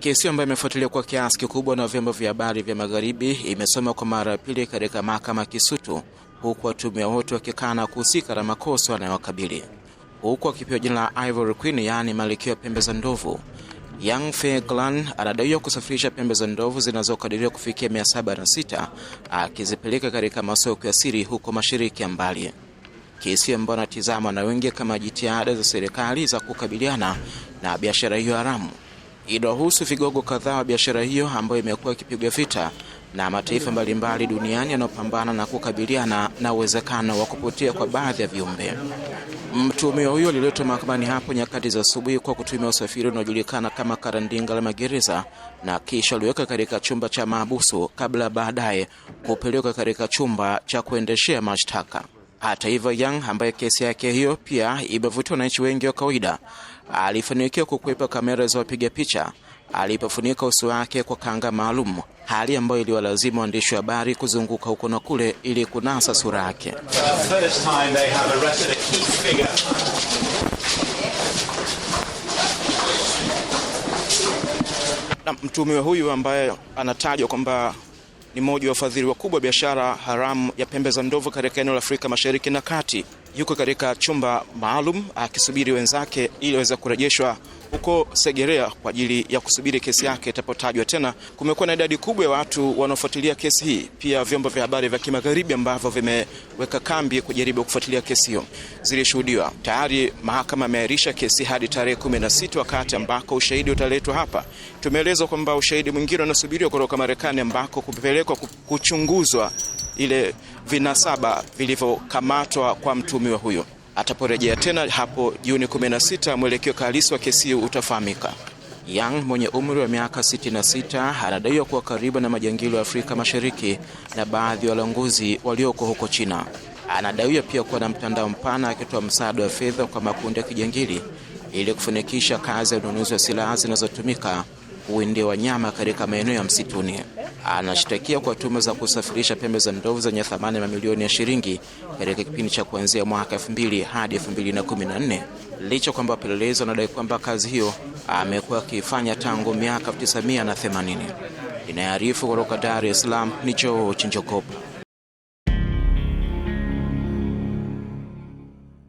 Kesi ambayo imefuatiliwa kwa kiasi kikubwa na vyombo vya habari vya magharibi imesoma kwa mara ya pili katika mahakama Kisutu, huku watumia wote wakikana kuhusika na makosa yanayowakabili huku akipewa jina la Ivory Queen, yaani ya pembe za ndovu. Yang Glan anadaiwa kusafirisha pembe za ndovu zinazokadiriwa kufikia sita akizipeleka katika masoko ya siri huko mashariki ya mbali, kesi ambayo anatizama na wengi kama jitihada za serikali za kukabiliana na biashara hiyo haramu inahusu vigogo kadhaa wa biashara hiyo ambayo imekuwa ikipigwa vita na mataifa mbalimbali duniani yanayopambana na kukabiliana na uwezekano wa kupotea kwa baadhi ya viumbe. Mtuhumiwa huyo aliletwa mahakamani hapo nyakati za asubuhi kwa kutumia usafiri unaojulikana kama karandinga la magereza, na kisha aliweka katika chumba cha maabusu kabla baadaye kupelekwa katika chumba cha kuendeshea mashtaka. Hata hivyo, Yang ambaye kesi yake hiyo pia imevutia wananchi wengi wa kawaida, alifanikiwa kukwepa kamera za wapiga picha alipofunika uso wake kwa kanga maalum, hali ambayo iliwalazima waandishi wa habari kuzunguka huko na kule ili kunasa sura yake. mtumiwa huyu ambaye anatajwa kwamba ni mmoja wa wafadhili wakubwa wa biashara haramu ya pembe za ndovu katika eneo la Afrika Mashariki na Kati yuko katika chumba maalum akisubiri wenzake ili aweze kurejeshwa huko Segerea kwa ajili ya kusubiri kesi yake itapotajwa tena. Kumekuwa na idadi kubwa ya watu wanaofuatilia kesi hii, pia vyombo vya habari vya kimagharibi ambavyo vimeweka kambi kujaribu kufuatilia kesi hiyo zilishuhudiwa tayari. Mahakama imeahirisha kesi hadi tarehe kumi na sita wakati ambako ushahidi utaletwa hapa. Tumeelezwa kwamba ushahidi mwingine unasubiriwa kutoka Marekani ambako kupelekwa kuchunguzwa ile vinasaba vilivyokamatwa kwa mtuhumiwa huyo. Ataporejea tena hapo Juni 16, mwelekeo kalisi wa kesi hiyo utafahamika. Young mwenye umri wa miaka 66 anadaiwa kuwa karibu na majangili wa Afrika Mashariki na baadhi ya walanguzi walioko huko China. Anadaiwa pia kuwa na mtandao mpana, akitoa msaada wa fedha kwa makundi ya kijangili ili kufanikisha kazi ya ununuzi wa silaha zinazotumika kuwindia wanyama katika maeneo ya msituni anashtakia kwa tuma za kusafirisha pembe za ndovu zenye thamani ya mamilioni ya shilingi katika kipindi cha kuanzia mwaka 2000 hadi 2014, licha kwamba wapelelezi wanadai kwamba kazi hiyo amekuwa akiifanya tangu miaka 1980. Inayoarifu kutoka Dar es Salaam ni George Njogopa.